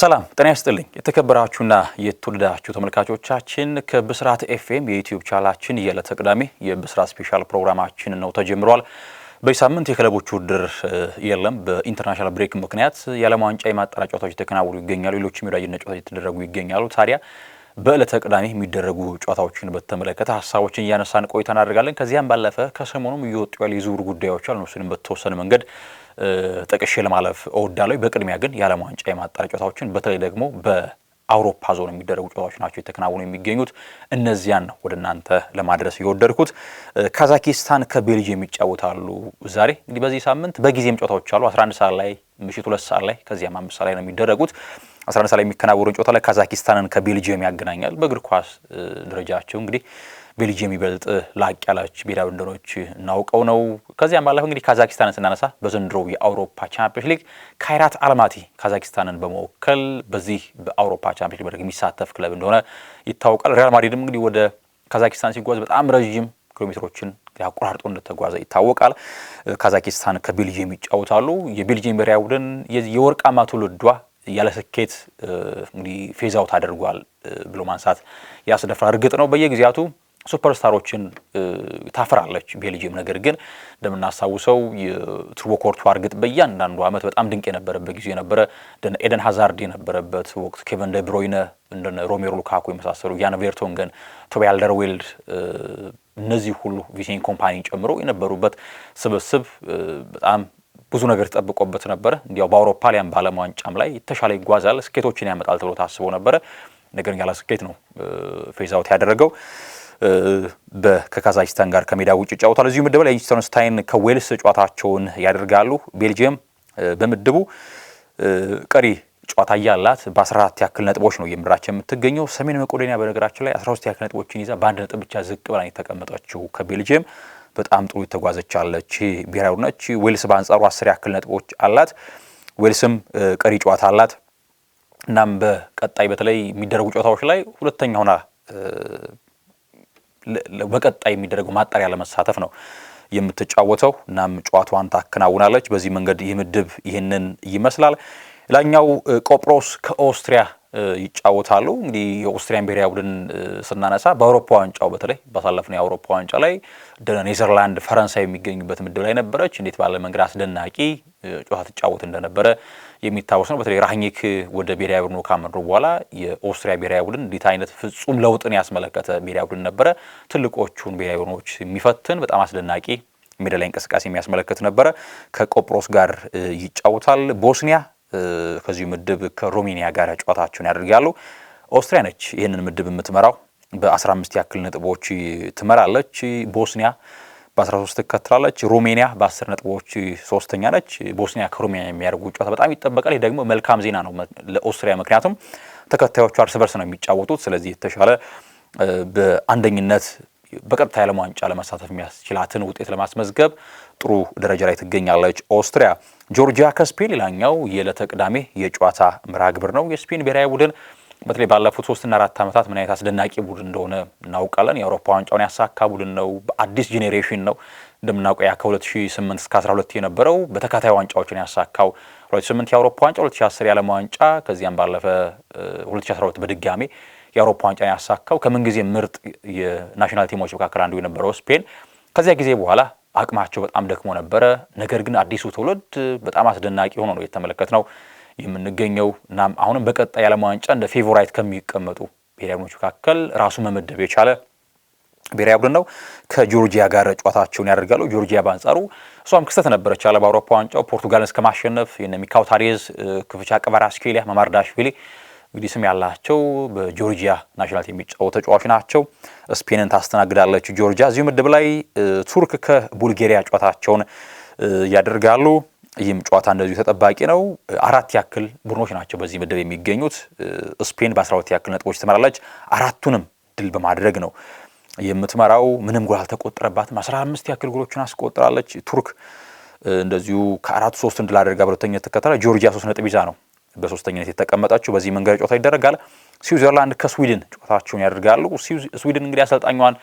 ሰላም ጤና ይስጥልኝ። የተከበራችሁና የተወደዳችሁ ተመልካቾቻችን ከብስራት ኤፍኤም የዩትዩብ ቻላችን የዕለተ ቅዳሜ የብስራት ስፔሻል ፕሮግራማችን ነው ተጀምሯል። በዚህ ሳምንት የክለቦች ውድድር የለም። በኢንተርናሽናል ብሬክ ምክንያት የዓለም ዋንጫ የማጣሪያ ጨዋታዎች የተከናወኑ ይገኛሉ። ሌሎችም የወዳጅነት ጨዋታዎች የተደረጉ ይገኛሉ። ታዲያ በዕለተ ቅዳሜ የሚደረጉ ጨዋታዎችን በተመለከተ ሀሳቦችን እያነሳን ቆይታ እናደርጋለን። ከዚያም ባለፈ ከሰሞኑም እየወጡ ያሉ የዝውውር ጉዳዮች አሉ። እሱንም በተወሰነ መንገድ ጠቅሼ ለማለፍ እወዳለሁ። በቅድሚያ ግን የዓለም ዋንጫ የማጣሪያ ጨዋታዎችን በተለይ ደግሞ በአውሮፓ ዞን የሚደረጉ ጨዋታዎች ናቸው የተከናወኑ የሚገኙት። እነዚያን ወደ እናንተ ለማድረስ የወደድኩት። ካዛኪስታን ከቤልጅየም ይጫወታሉ ዛሬ። እንግዲህ በዚህ ሳምንት በጊዜም ጨዋታዎች አሉ። 11 ሰዓት ላይ፣ ምሽት ሁለት ሰዓት ላይ ከዚያም አምስት ሰዓት ላይ ነው የሚደረጉት 11 ላይ የሚከናወረውን ጨዋታ ላይ ካዛኪስታንን ከቤልጅየም ያገናኛል። በእግር ኳስ ደረጃቸው እንግዲህ ቤልጅየም ይበልጥ ላቅ ያላች ብሔራዊ ቡድኖች እናውቀው ነው። ከዚያም ባለፈ እንግዲህ ካዛኪስታንን ስናነሳ በዘንድሮው የአውሮፓ ቻምፒዮንስ ሊግ ካይራት አልማቲ ካዛኪስታንን በመወከል በዚህ በአውሮፓ ቻምፒዮንስ ሊግ የሚሳተፍ ክለብ እንደሆነ ይታወቃል። ሪያል ማድሪድም እንግዲህ ወደ ካዛኪስታን ሲጓዝ በጣም ረዥም ኪሎሜትሮችን አቆራርጦ እንደተጓዘ ይታወቃል። ካዛኪስታን ከቤልጅየም ይጫወታሉ። የቤልጅየም ብሔራዊ ቡድን የወርቃማ ትውልዷ ያለ ስኬት እንግዲህ ፌዝ አውት አድርጓል ብሎ ማንሳት ያስደፍራ። እርግጥ ነው በየጊዜያቱ ሱፐርስታሮችን ታፈራለች ቤልጅየም። ነገር ግን እንደምናስታውሰው የቱርቦ ኮርቷ እርግጥ በእያንዳንዱ ዓመት በጣም ድንቅ የነበረበት ጊዜ ነበረ። ኤደን ሀዛርድ የነበረበት ወቅት፣ ኬቨን ደ ብሮይነ፣ ሮሜሮ ሉካኮ የመሳሰሉ ያን ቬርቶንገን፣ ቶቢ አልደርዌልድ እነዚህ ሁሉ ቪሴን ኮምፓኒ ጨምሮ የነበሩበት ስብስብ በጣም ብዙ ነገር ተጠብቆበት ነበረ። እንዲያው በአውሮፓ ሊያም በዓለም ዋንጫም ላይ የተሻለ ይጓዛል፣ ስኬቶችን ያመጣል ተብሎ ታስቦ ነበረ። ነገር ያለ ስኬት ነው ፌዛውት ያደረገው። ከካዛኪስታን ጋር ከሜዳ ውጭ ይጫወታል። እዚሁ ምድብ ላይ ሊችተንስታይን ከዌልስ ጨዋታቸውን ያደርጋሉ። ቤልጅየም በምድቡ ቀሪ ጨዋታ እያላት በ14 ያክል ነጥቦች ነው የምድራቸው የምትገኘው። ሰሜን መቄዶንያ በነገራችን ላይ 13 ያክል ነጥቦችን ይዛ በአንድ ነጥብ ብቻ ዝቅ ብላ የተቀመጠችው ከቤልጅየም በጣም ጥሩ የተጓዘች አለች ብሔራዊ ነች። ዌልስ በአንጻሩ አስር ያክል ነጥቦች አላት። ዌልስም ቀሪ ጨዋታ አላት። እናም በቀጣይ በተለይ የሚደረጉ ጨዋታዎች ላይ ሁለተኛ ሆና በቀጣይ የሚደረገው ማጣሪያ ለመሳተፍ ነው የምትጫወተው። እናም ጨዋታዋን ታከናውናለች። በዚህ መንገድ ይህ ምድብ ይህንን ይመስላል። ላኛው ቆጵሮስ ከኦስትሪያ ይጫወታሉ። እንግዲህ የኦስትሪያን ብሔራዊ ቡድን ስናነሳ በአውሮፓ ዋንጫው በተለይ ባሳለፍነው የአውሮፓ ዋንጫ ላይ ኔዘርላንድ፣ ፈረንሳይ የሚገኙበት ምድብ ላይ ነበረች። እንዴት ባለ መንገድ አስደናቂ ጨዋታ ትጫወት እንደነበረ የሚታወስ ነው። በተለይ ራህኒክ ወደ ብሔራዊ ቡድኑ ካመሩ በኋላ የኦስትሪያ ብሔራዊ ቡድን እንዴት አይነት ፍጹም ለውጥን ያስመለከተ ብሔራዊ ቡድን ነበረ። ትልቆቹን ብሔራዊ ቡድኖች የሚፈትን በጣም አስደናቂ ሜዳ ላይ እንቅስቃሴ የሚያስመለከት ነበረ። ከቆጵሮስ ጋር ይጫወታል። ቦስኒያ ከዚሁ ምድብ ከሮሜኒያ ጋር ጨዋታቸውን ያደርጋሉ። ኦስትሪያ ነች ይህንን ምድብ የምትመራው በ15 ያክል ነጥቦች ትመራለች። ቦስኒያ በ13 ትከትላለች። ሮሜኒያ በ10 ነጥቦች ሶስተኛ ነች። ቦስኒያ ከሮሜኒያ የሚያደርጉ ጨዋታ በጣም ይጠበቃል። ይህ ደግሞ መልካም ዜና ነው ለኦስትሪያ፣ ምክንያቱም ተከታዮቹ እርስ በርስ ነው የሚጫወቱት። ስለዚህ የተሻለ በአንደኝነት በቀጥታ የዓለም ዋንጫ ለመሳተፍ የሚያስችላትን ውጤት ለማስመዝገብ ጥሩ ደረጃ ላይ ትገኛለች ኦስትሪያ። ጆርጂያ ከስፔን ሌላኛው የዕለተ ቅዳሜ የጨዋታ መርሃ ግብር ነው። የስፔን ብሔራዊ ቡድን በተለይ ባለፉት ሶስትና አራት ዓመታት ምን አይነት አስደናቂ ቡድን እንደሆነ እናውቃለን። የአውሮፓ ዋንጫውን ያሳካ ቡድን ነው። በአዲስ ጄኔሬሽን ነው እንደምናውቀው ያ ከ2008 እስከ 12 የነበረው በተከታታይ ዋንጫዎችን ያሳካው 2008 የአውሮፓ ዋንጫ፣ 2010 የዓለም ዋንጫ ከዚያም ባለፈ 2012 በድጋሜ የአውሮፓ ዋንጫ ያሳካው ከምንጊዜ ምርጥ የናሽናል ቲሞች መካከል አንዱ የነበረው ስፔን ከዚያ ጊዜ በኋላ አቅማቸው በጣም ደክሞ ነበረ። ነገር ግን አዲሱ ትውልድ በጣም አስደናቂ ሆኖ ነው የተመለከት ነው የምንገኘው። እናም አሁንም በቀጣይ የዓለም ዋንጫ እንደ ፌቮራይት ከሚቀመጡ ብሔራዊ ቡድኖች መካከል ራሱ መመደብ የቻለ ብሔራዊ ቡድን ነው። ከጆርጂያ ጋር ጨዋታቸውን ያደርጋሉ። ጆርጂያ በአንጻሩ እሷም ክስተት ነበረች አለ በአውሮፓ ዋንጫው ፖርቱጋልን እስከ ማሸነፍ የነ ክፍቻ ቀባራስኬሊያ መማርዳሽቪሊ እንግዲህ ስም ያላቸው በጆርጂያ ናሽናልቲ የሚጫወቱ ተጫዋች ናቸው። ስፔንን ታስተናግዳለች ጆርጂያ። እዚሁ ምድብ ላይ ቱርክ ከቡልጌሪያ ጨዋታቸውን ያደርጋሉ። ይህም ጨዋታ እንደዚሁ ተጠባቂ ነው። አራት ያክል ቡድኖች ናቸው በዚህ ምድብ የሚገኙት። ስፔን በ12 ያክል ነጥቦች ትመራለች። አራቱንም ድል በማድረግ ነው የምትመራው። ምንም ጎል አልተቆጠረባትም። 15 ያክል ጎሎችን አስቆጥራለች ቱርክ እንደዚሁ ከአራቱ ሶስቱን ድል አድርጋ በሁለተኛ ተከተለ። ጆርጂያ ሶስት ነጥብ ይዛ ነው በሶስተኛነት የተቀመጠችው። በዚህ መንገድ ጨዋታ ይደረጋል። ስዊዘርላንድ ከስዊድን ጨዋታቸውን ያደርጋሉ። ስዊድን እንግዲህ አሰልጣኟን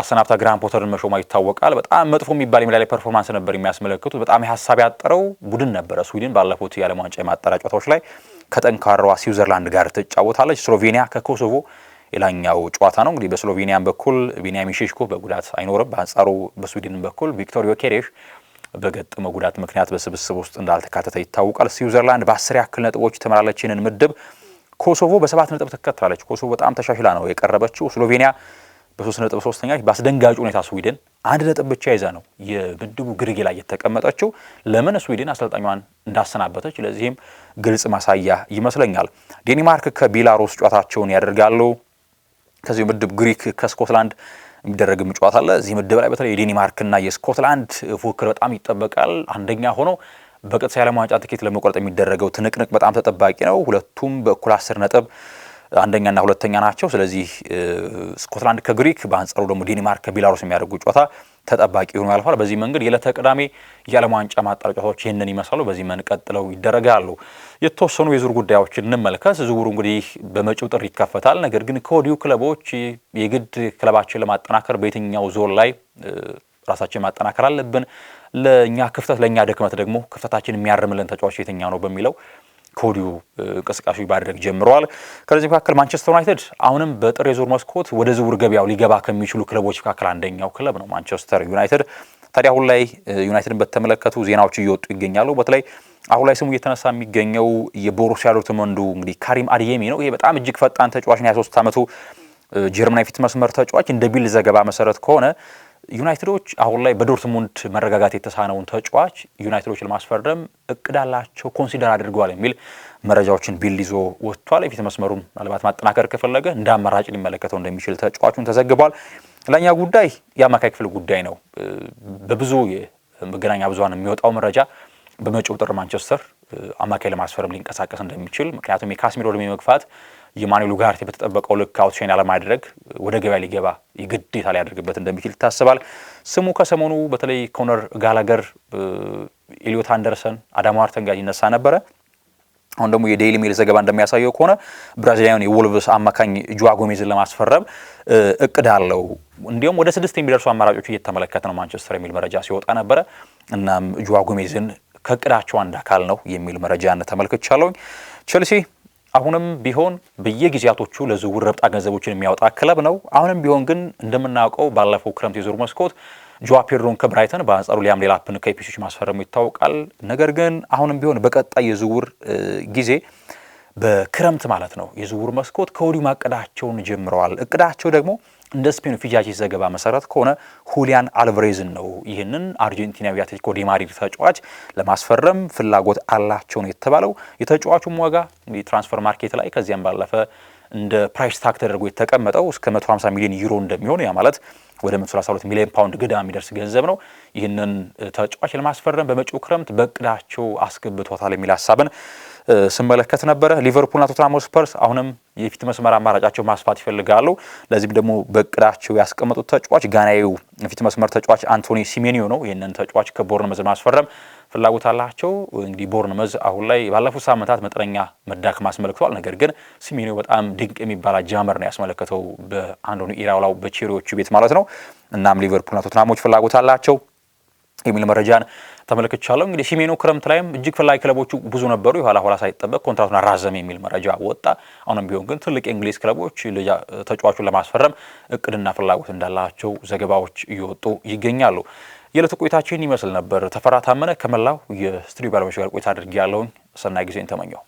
አሰናብታ ግራን ፖተርን መሾማ ይታወቃል። በጣም መጥፎ የሚባል የሜዳ ላይ ፐርፎርማንስ ነበር የሚያስመለክቱት። በጣም የሀሳብ ያጠረው ቡድን ነበረ ስዊድን ባለፉት የዓለም ዋንጫ የማጣሪያ ጨዋታዎች ላይ ከጠንካራዋ ስዊዘርላንድ ጋር ትጫወታለች። ስሎቬኒያ ከኮሶቮ ሌላኛው ጨዋታ ነው። እንግዲህ በስሎቬኒያን በኩል ቢኒያሚን ሼሽኮ በጉዳት አይኖርም። በአንጻሩ በስዊድን በኩል ቪክቶር ዮኬሬሽ በገጠመው ጉዳት ምክንያት በስብስብ ውስጥ እንዳልተካተተ ይታወቃል። ስዊዘርላንድ በአስር ያክል ነጥቦች ተመላለች ይህንን ምድብ። ኮሶቮ በሰባት ነጥብ ትከተላለች። ኮሶቮ በጣም ተሻሽላ ነው የቀረበችው። ስሎቬኒያ በሶስት ነጥብ ሶስተኛ፣ በአስደንጋጭ ሁኔታ ስዊድን አንድ ነጥብ ብቻ ይዛ ነው የምድቡ ግርጌ ላይ የተቀመጠችው። ለምን ስዊድን አሰልጣኟን እንዳሰናበተች ለዚህም ግልጽ ማሳያ ይመስለኛል። ዴንማርክ ከቤላሩስ ጨዋታቸውን ያደርጋሉ። ከዚሁ ምድብ ግሪክ ከስኮትላንድ የሚደረግም ጨዋታ አለ። እዚህ ምድብ ላይ በተለይ የዴንማርክና የስኮትላንድ ፉክክር በጣም ይጠበቃል። አንደኛ ሆኖ በቀጥታ የዓለም ዋንጫ ትኬት ለመቆረጥ የሚደረገው ትንቅንቅ በጣም ተጠባቂ ነው። ሁለቱም በእኩል አስር ነጥብ አንደኛና ሁለተኛ ናቸው። ስለዚህ ስኮትላንድ ከግሪክ በአንጻሩ ደግሞ ዴንማርክ ከቢላሩስ የሚያደርጉ ጨዋታ ተጠባቂ ሆኖ ያልፋል። በዚህ መንገድ የዕለተ ቅዳሜ የዓለም ዋንጫ ማጣሪያ ጨዋታዎች ይህንን ይመስላሉ። በዚህ መን ቀጥለው ይደረጋሉ። የተወሰኑ የዙር ጉዳዮችን እንመልከት። ዝውውሩ እንግዲህ በመጪው ጥር ይከፈታል። ነገር ግን ከወዲሁ ክለቦች የግድ ክለባችን ለማጠናከር በየትኛው ዞን ላይ ራሳችን ማጠናከር አለብን፣ ለእኛ ክፍተት ለእኛ ድክመት ደግሞ ክፍተታችን የሚያርምልን ተጫዋች የትኛው ነው በሚለው ከወዲሁ እንቅስቃሴ ማድረግ ጀምረዋል። ከዚህ መካከል ማንቸስተር ዩናይትድ አሁንም በጥር የዞር መስኮት ወደ ዝውውር ገበያው ሊገባ ከሚችሉ ክለቦች መካከል አንደኛው ክለብ ነው ማንቸስተር ዩናይትድ። ታዲያ አሁን ላይ ዩናይትድን በተመለከቱ ዜናዎች እየወጡ ይገኛሉ። በተለይ አሁን ላይ ስሙ እየተነሳ የሚገኘው የቦሩሲያ ዶርትመንዱ እንግዲህ ካሪም አድየሚ ነው። ይሄ በጣም እጅግ ፈጣን ተጫዋች ነው። 23 ዓመቱ ጀርመናዊ ፊት መስመር ተጫዋች እንደ ቢል ዘገባ መሰረት ከሆነ ዩናይትዶች አሁን ላይ በዶርትሙንድ መረጋጋት የተሳነውን ተጫዋች ዩናይትዶች ለማስፈረም እቅድ አላቸው፣ ኮንሲደር አድርገዋል የሚል መረጃዎችን ቢል ይዞ ወጥቷል። የፊት መስመሩን ምናልባት ማጠናከር ከፈለገ እንደ አማራጭ ሊመለከተው እንደሚችል ተጫዋቹን ተዘግቧል። ለእኛ ጉዳይ የአማካይ ክፍል ጉዳይ ነው። በብዙ የመገናኛ ብዙን የሚወጣው መረጃ በመጪው ጥር ማንቸስተር አማካይ ለማስፈረም ሊንቀሳቀስ እንደሚችል ምክንያቱም የካስሚሮ ዕድሜ መግፋት የማኑኤል ኡጋርቴ በተጠበቀው ልክ አውትሻይን አለማድረግ ወደ ገበያ ሊገባ ግዴታ ሊያደርግበት እንደሚችል ይታሰባል። ስሙ ከሰሞኑ በተለይ ኮነር ጋላገር፣ ኤሊዮት አንደርሰን፣ አዳም ዋርተን ጋር ይነሳ ነበረ። አሁን ደግሞ የዴይሊ ሜል ዘገባ እንደሚያሳየው ከሆነ ብራዚላዊውን የወልቭስ አማካኝ ጁዋ ጎሜዝን ለማስፈረም እቅድ አለው። እንዲሁም ወደ ስድስት የሚደርሱ አማራጮች እየተመለከተ ነው ማንቸስተር የሚል መረጃ ሲወጣ ነበረ። እናም ጁዋ ጎሜዝን ከእቅዳቸው አንድ አካል ነው የሚል መረጃ ተመልክቻለሁኝ። ቼልሲ አሁንም ቢሆን በየጊዜያቶቹ ለዝውውር ረብጣ ገንዘቦችን የሚያወጣ ክለብ ነው። አሁንም ቢሆን ግን እንደምናውቀው ባለፈው ክረምት የዞር መስኮት ጆዋ ፔድሮን ከብራይተን በአንጻሩ ሊያም ሌላፕን ከኢፕስዊች ማስፈረሙ ይታወቃል። ነገር ግን አሁንም ቢሆን በቀጣይ የዝውውር ጊዜ በክረምት ማለት ነው የዝውውር መስኮት ከወዲሁ ማቀዳቸውን ጀምረዋል። እቅዳቸው ደግሞ እንደ ስፔኑ ፊጃቺ ዘገባ መሰረት ከሆነ ሁሊያን አልቫሬዝን ነው ይህንን አርጀንቲናዊ አትሌቲኮ ዲማድሪድ ተጫዋች ለማስፈረም ፍላጎት አላቸው ነው የተባለው። የተጫዋቹም ዋጋ እንግዲህ ትራንስፈር ማርኬት ላይ ከዚያም ባለፈ እንደ ፕራይስ ታክ ተደርጎ የተቀመጠው እስከ 150 ሚሊዮን ዩሮ እንደሚሆን ያ ማለት ወደ 132 ሚሊዮን ፓውንድ ገደማ የሚደርስ ገንዘብ ነው። ይህንን ተጫዋች ለማስፈረም በመጪው ክረምት በእቅዳቸው አስገብቶታል የሚል ሀሳብን ስመለከት ነበረ። ሊቨርፑልና ቶትናም ስፐርስ አሁንም የፊት መስመር አማራጫቸው ማስፋት ይፈልጋሉ። ለዚህም ደግሞ በእቅዳቸው ያስቀመጡት ተጫዋች ጋናዊው የፊት መስመር ተጫዋች አንቶኒ ሲሜኒዮ ነው። ይህንን ተጫዋች ከቦርንመዝ ማስፈረም ፍላጎት አላቸው። እንግዲህ ቦርንመዝ አሁን ላይ ባለፉት ሳምንታት መጠነኛ መዳክም አስመልክቷል። ነገር ግን ሲሚኖ በጣም ድንቅ የሚባል አጃመር ነው ያስመለከተው በአንዶኒ ኢራውላው በቼሪዎቹ ቤት ማለት ነው። እናም ሊቨርፑልና ቶትናሞች ፍላጎት አላቸው የሚል መረጃን ተመልክቻለሁ። እንግዲህ ሲሜኖ ክረምት ላይም እጅግ ፈላጊ ክለቦቹ ብዙ ነበሩ። የኋላ ኋላ ሳይጠበቅ ኮንትራቱን አራዘም የሚል መረጃ ወጣ። አሁንም ቢሆን ግን ትልቅ የእንግሊዝ ክለቦች ተጫዋቹን ለማስፈረም እቅድና ፍላጎት እንዳላቸው ዘገባዎች እየወጡ ይገኛሉ። የዕለቱ ቆይታችን ይመስል ነበር። ተፈራ ታመነ ከመላው የስቱዲዮ ባለሙያዎች ጋር ቆይታ አድርጌ ያለውን ሰናይ ጊዜን ተመኘው።